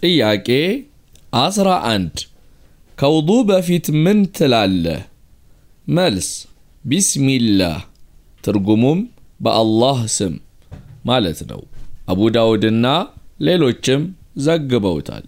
ጥያቄ 11 ከውዱ በፊት ምን ትላለህ? መልስ ቢስሚላህ ትርጉሙም በአላህ ስም ማለት ነው። አቡ ዳውድና ሌሎችም ዘግበውታል።